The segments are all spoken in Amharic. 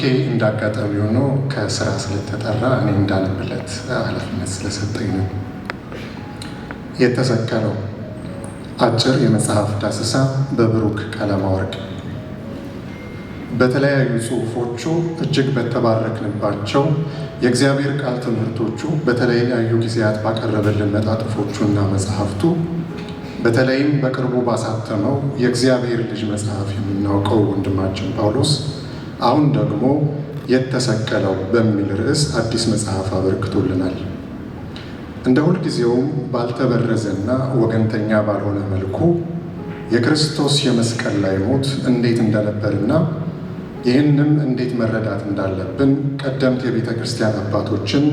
ብሩኬ እንዳጋጣሚ ሆኖ ከስራ ስለተጠራ እኔ እንዳልብለት ኃላፊነት ስለሰጠኝ ነው የተሰከረው። አጭር የመጽሐፍ ዳሰሳ በብሩክ ቀለማወርቅ። በተለያዩ ጽሁፎቹ እጅግ በተባረክንባቸው የእግዚአብሔር ቃል ትምህርቶቹ በተለያዩ ጊዜያት ባቀረበልን እና መጽሐፍቱ በተለይም በቅርቡ ባሳተመው የእግዚአብሔር ልጅ መጽሐፍ የምናውቀው ወንድማችን ጳውሎስ አሁን ደግሞ የተሰቀለው በሚል ርዕስ አዲስ መጽሐፍ አበርክቶልናል። እንደ ሁልጊዜውም ባልተበረዘና ወገንተኛ ባልሆነ መልኩ የክርስቶስ የመስቀል ላይ ሞት እንዴት እንደነበርና ይህንም እንዴት መረዳት እንዳለብን ቀደምት የቤተ ክርስቲያን አባቶችን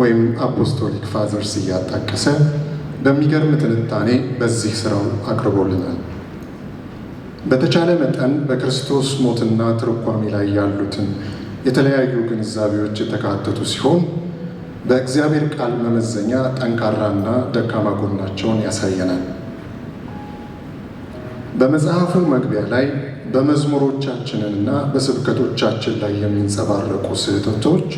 ወይም አፖስቶሊክ ፋዘርስ እያጣቀሰ በሚገርም ትንታኔ በዚህ ስራው አቅርቦልናል። በተቻለ መጠን በክርስቶስ ሞትና ትርጓሜ ላይ ያሉትን የተለያዩ ግንዛቤዎች የተካተቱ ሲሆን በእግዚአብሔር ቃል መመዘኛ ጠንካራና ደካማ ጎናቸውን ያሳየናል። በመጽሐፉ መግቢያ ላይ በመዝሙሮቻችንና በስብከቶቻችን ላይ የሚንጸባረቁ ስህተቶች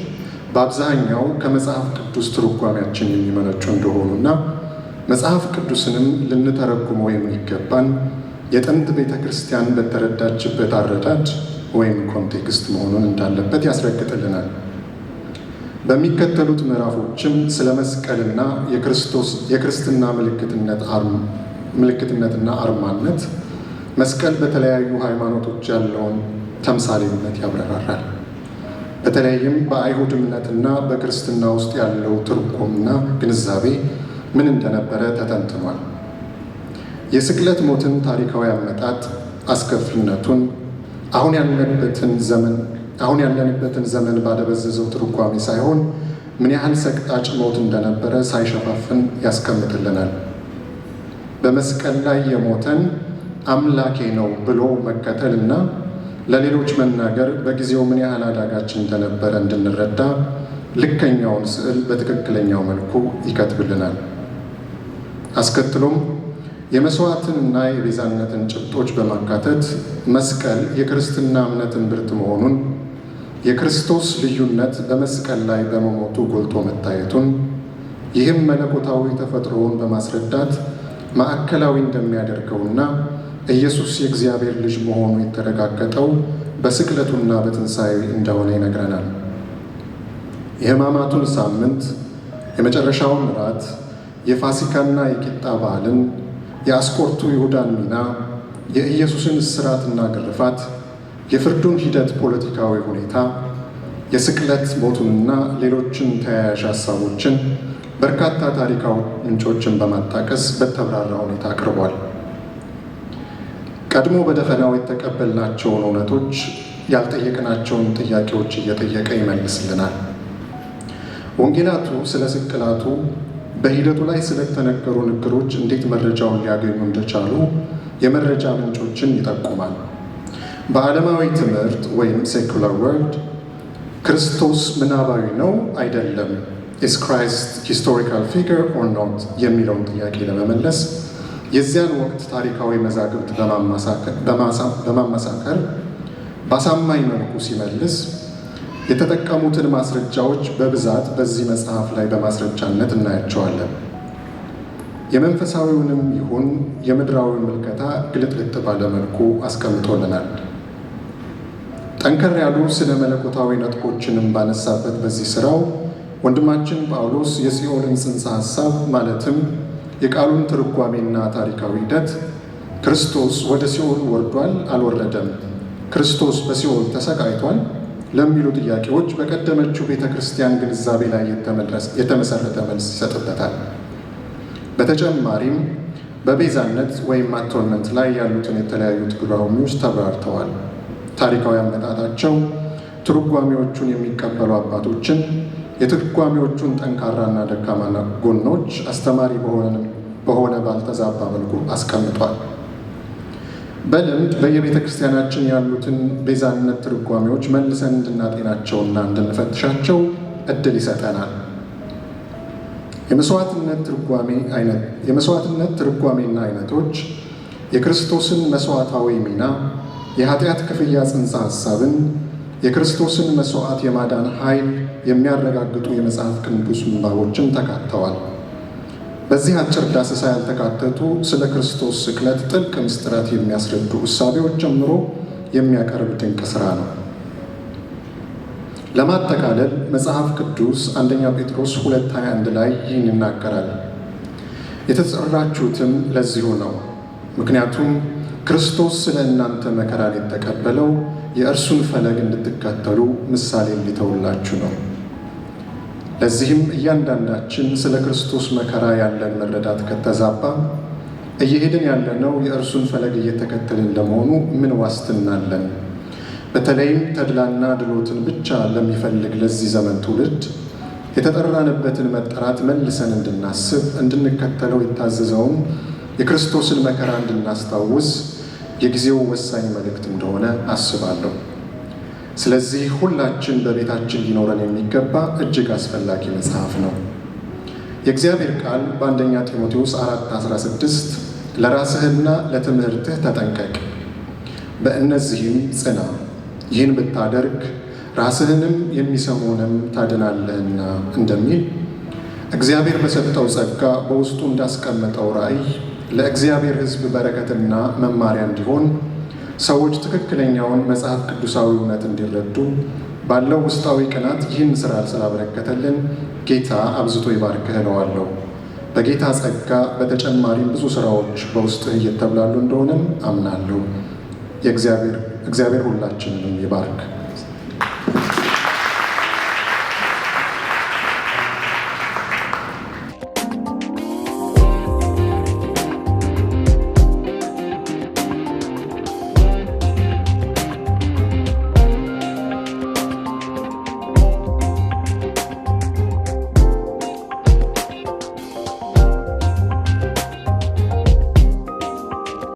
በአብዛኛው ከመጽሐፍ ቅዱስ ትርጓሜያችን የሚመነጩ እንደሆኑና መጽሐፍ ቅዱስንም ልንተረጉመው የሚገባን የጥንት ቤተ ክርስቲያን በተረዳችበት አረዳድ ወይም ኮንቴክስት መሆኑን እንዳለበት ያስረግጥልናል። በሚከተሉት ምዕራፎችም ስለ መስቀልና የክርስትና ምልክትነትና አርማነት መስቀል በተለያዩ ሃይማኖቶች ያለውን ተምሳሌነት ያብራራል። በተለይም በአይሁድ እምነትና በክርስትና ውስጥ ያለው ትርጉምና ግንዛቤ ምን እንደነበረ ተተንትኗል። የስቅለት ሞትን ታሪካዊ አመጣጥ አስከፊነቱን አሁን ያለንበትን ዘመን አሁን ያለንበትን ዘመን ባደበዘዘው ትርጓሜ ሳይሆን ምን ያህል ሰቅጣጭ ሞት እንደነበረ ሳይሸፋፍን ያስቀምጥልናል። በመስቀል ላይ የሞተን አምላኬ ነው ብሎ መከተል እና ለሌሎች መናገር በጊዜው ምን ያህል አዳጋች እንደነበረ እንድንረዳ ልከኛውን ስዕል በትክክለኛው መልኩ ይከትብልናል። አስከትሎም የመስዋዕትንና የቤዛነትን ጭብጦች በማካተት መስቀል የክርስትና እምነትን ብርት መሆኑን የክርስቶስ ልዩነት በመስቀል ላይ በመሞቱ ጎልቶ መታየቱን ይህም መለኮታዊ ተፈጥሮውን በማስረዳት ማዕከላዊ እንደሚያደርገውና ኢየሱስ የእግዚአብሔር ልጅ መሆኑ የተረጋገጠው በስቅለቱና በትንሣኤ እንደሆነ ይነግረናል። የሕማማቱን ሳምንት፣ የመጨረሻውን እራት፣ የፋሲካና የቂጣ በዓልን የአስቆርቱ ይሁዳን ሚና፣ የኢየሱስን እስራትና ግርፋት፣ የፍርዱን ሂደት ፖለቲካዊ ሁኔታ፣ የስቅለት ሞቱንና ሌሎችን ተያያዥ ሀሳቦችን በርካታ ታሪካዊ ምንጮችን በማጣቀስ በተብራራ ሁኔታ አቅርቧል። ቀድሞ በደፈናው የተቀበልናቸውን እውነቶች ያልጠየቅናቸውን ጥያቄዎች እየጠየቀ ይመልስልናል። ወንጌላቱ ስለ ስቅላቱ በሂደቱ ላይ ስለተነገሩ ንግሮች እንዴት መረጃውን ሊያገኙ እንደቻሉ የመረጃ ምንጮችን ይጠቁማል። በዓለማዊ ትምህርት ወይም ሴኩላር ወርልድ ክርስቶስ ምናባዊ ነው አይደለም፣ ኢስ ክራይስት ሂስቶሪካል ፊገር ኦር ኖት የሚለውን ጥያቄ ለመመለስ የዚያን ወቅት ታሪካዊ መዛግብት በማማሳከር በአሳማኝ መልኩ ሲመልስ የተጠቀሙትን ማስረጃዎች በብዛት በዚህ መጽሐፍ ላይ በማስረጃነት እናያቸዋለን። የመንፈሳዊውንም ይሁን የምድራዊ ምልከታ ግልጥልጥ ባለመልኩ አስቀምጦልናል። ጠንከር ያሉ ስነ መለኮታዊ ነጥቦችንም ባነሳበት በዚህ ስራው ወንድማችን ጳውሎስ የሲኦልን ጽንሰ ሐሳብ ማለትም የቃሉን ትርጓሜና ታሪካዊ ሂደት ክርስቶስ ወደ ሲኦል ወርዷል አልወረደም፣ ክርስቶስ በሲኦል ተሰቃይቷል ለሚሉ ጥያቄዎች በቀደመችው ቤተ ክርስቲያን ግንዛቤ ላይ የተመሰረተ መልስ ይሰጥበታል። በተጨማሪም በቤዛነት ወይም አቶነት ላይ ያሉትን የተለያዩ ትርጓሜዎች ተብራርተዋል። ታሪካዊ አመጣጣቸው ትርጓሜዎቹን የሚቀበሉ አባቶችን፣ የትርጓሜዎቹን ጠንካራና ደካማ ጎኖች አስተማሪ በሆነ ባልተዛባ መልኩ አስቀምጧል። በልምድ በየቤተ ክርስቲያናችን ያሉትን ቤዛነት ትርጓሜዎች መልሰን እንድናጤናቸውና እንድንፈትሻቸው እድል ይሰጠናል። የመስዋዕትነት ትርጓሜና አይነቶች፣ የክርስቶስን መስዋዕታዊ ሚና፣ የኃጢአት ክፍያ ጽንሰ ሐሳብን፣ የክርስቶስን መስዋዕት የማዳን ኃይል የሚያረጋግጡ የመጽሐፍ ቅዱስ ምንባቦችን ተካተዋል። በዚህ አጭር ዳሰሳ ያልተካተቱ ስለ ክርስቶስ ስቅለት ጥልቅ ምስጢራት የሚያስረዱ እሳቤዎች ጨምሮ የሚያቀርብ ድንቅ ስራ ነው። ለማጠቃለል መጽሐፍ ቅዱስ አንደኛ ጴጥሮስ ሁለት ላይ ይህን ይናገራል። የተጠራችሁትም ለዚሁ ነው። ምክንያቱም ክርስቶስ ስለ እናንተ መከራን የተቀበለው የእርሱን ፈለግ እንድትከተሉ ምሳሌ ሊተውላችሁ ነው። ለዚህም እያንዳንዳችን ስለ ክርስቶስ መከራ ያለን መረዳት ከተዛባ እየሄድን ያለነው የእርሱን ፈለግ እየተከተልን ለመሆኑ ምን ዋስትና አለን? በተለይም ተድላና ድሎትን ብቻ ለሚፈልግ ለዚህ ዘመን ትውልድ የተጠራንበትን መጠራት መልሰን እንድናስብ እንድንከተለው የታዘዘውን የክርስቶስን መከራ እንድናስታውስ የጊዜው ወሳኝ መልእክት እንደሆነ አስባለሁ። ስለዚህ ሁላችን በቤታችን ሊኖረን የሚገባ እጅግ አስፈላጊ መጽሐፍ ነው። የእግዚአብሔር ቃል በአንደኛ ጢሞቴዎስ 4 16 ለራስህና ለትምህርትህ ተጠንቀቅ፣ በእነዚህም ጽና፣ ይህን ብታደርግ ራስህንም የሚሰሙንም ታድናለህና እንደሚል እግዚአብሔር በሰጠው ጸጋ በውስጡ እንዳስቀመጠው ራእይ ለእግዚአብሔር ሕዝብ በረከትና መማሪያ እንዲሆን ሰዎች ትክክለኛውን መጽሐፍ ቅዱሳዊ እውነት እንዲረዱ ባለው ውስጣዊ ቅናት ይህን ስራ ስላበረከተልን ጌታ አብዝቶ ይባርክህ እለዋለሁ። በጌታ ጸጋ በተጨማሪም ብዙ ስራዎች በውስጥህ እየተብላሉ እንደሆነም አምናለሁ። እግዚአብሔር ሁላችንንም ይባርክ።